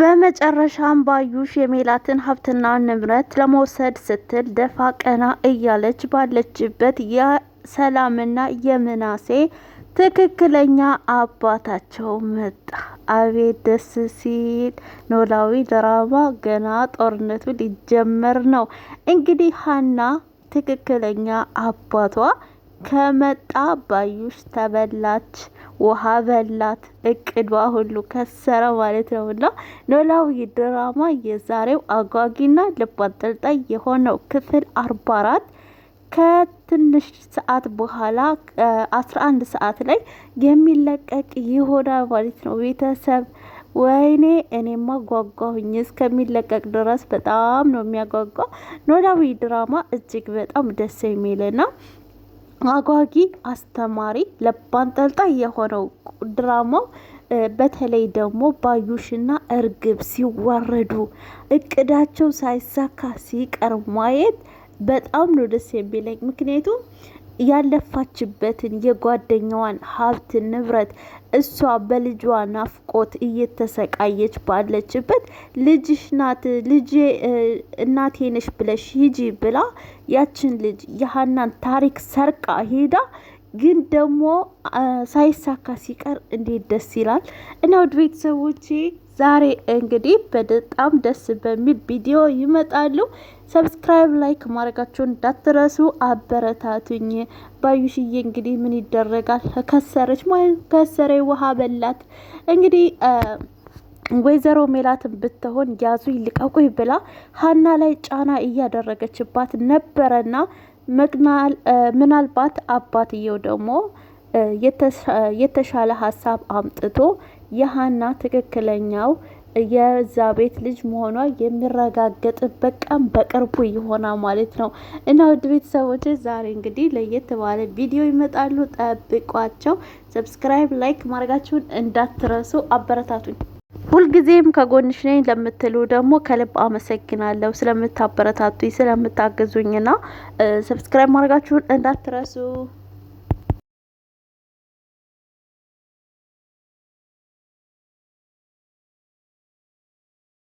በመጨረሻም ባዩሽ የሜላትን ሀብትና ንብረት ለመውሰድ ስትል ደፋ ቀና እያለች ባለችበት የሰላምና የምናሴ ትክክለኛ አባታቸው መጣ። አቤት ደስ ሲል! ኖላዊ ድራማ ገና ጦርነቱ ሊጀመር ነው። እንግዲህ ሀና ትክክለኛ አባቷ ከመጣ ባዩሽ ተበላች። ውሃ በላት። እቅዷ ሁሉ ከሰረ ማለት ነው። እና ኖላዊ ድራማ የዛሬው አጓጊና ልብ አንጠልጣይ የሆነው ክፍል አርባ አራት ከትንሽ ሰዓት በኋላ አስራ አንድ ሰዓት ላይ የሚለቀቅ ይሆናል ማለት ነው ቤተሰብ ወይኔ እኔማ ጓጓሁኝ እስከሚለቀቅ ድረስ በጣም ነው የሚያጓጓ ኖላዊ ድራማ እጅግ በጣም ደስ የሚል የሚልና አጓጊ አስተማሪ ለባንጠልጣይ የሆነው ድራማው በተለይ ደግሞ ባዩሽና እርግብ ሲዋረዱ እቅዳቸው ሳይሳካ ሲቀር ማየት በጣም ነው ደስ የሚለኝ። ምክንያቱም ያለፋችበትን የጓደኛዋን ሀብት ንብረት እሷ በልጇ ናፍቆት እየተሰቃየች ባለችበት ልጅሽ ናት ልጄ እናቴ ነሽ ብለሽ ሂጂ ብላ ያችን ልጅ የሀናን ታሪክ ሰርቃ ሄዳ ግን ደግሞ ሳይሳካ ሲቀር እንዴት ደስ ይላል! እና ውድ ቤተሰቦቼ ዛሬ እንግዲህ በጣም ደስ በሚል ቪዲዮ ይመጣሉ። ሰብስክራይብ፣ ላይክ ማድረጋችሁን እንዳትረሱ፣ አበረታቱኝ። ባዩሽዬ እንግዲህ ምን ይደረጋል ከሰረች ማለት ከሰረ ውሃ በላት እንግዲህ ወይዘሮ ሜላትን ብትሆን ያዙ ይልቀቁኝ ብላ ሀና ላይ ጫና እያደረገችባት ነበረና ምናልባት አባትየው ደግሞ የተሻለ ሀሳብ አምጥቶ የሀና ትክክለኛው የዛ ቤት ልጅ መሆኗ የሚረጋገጥበት ቀን በቅርቡ ይሆና ማለት ነው። እና ውድ ቤተሰቦች ዛሬ እንግዲህ ለየት ባለ ቪዲዮ ይመጣሉ፣ ጠብቋቸው። ሰብስክራይብ፣ ላይክ ማድረጋችሁን እንዳትረሱ፣ አበረታቱኝ። ሁልጊዜም ከጎንሽ ነኝ ለምትሉ ደግሞ ከልብ አመሰግናለሁ። ስለምታበረታቱኝ፣ ስለምታግዙኝና ሰብስክራይብ ማድረጋችሁን እንዳትረሱ።